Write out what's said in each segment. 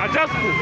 Adjust.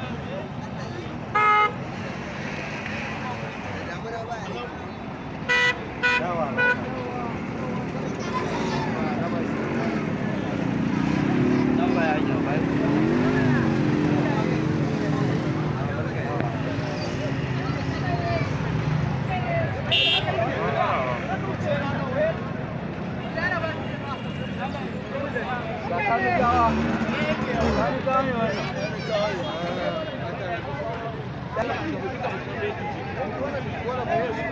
Thank you.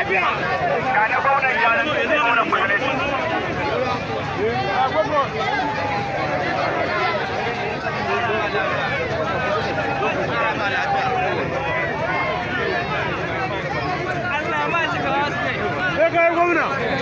lafiya ga na gwamnan yanar da zai nuna kwanaci Allah ma ne. Ya kai gwamna.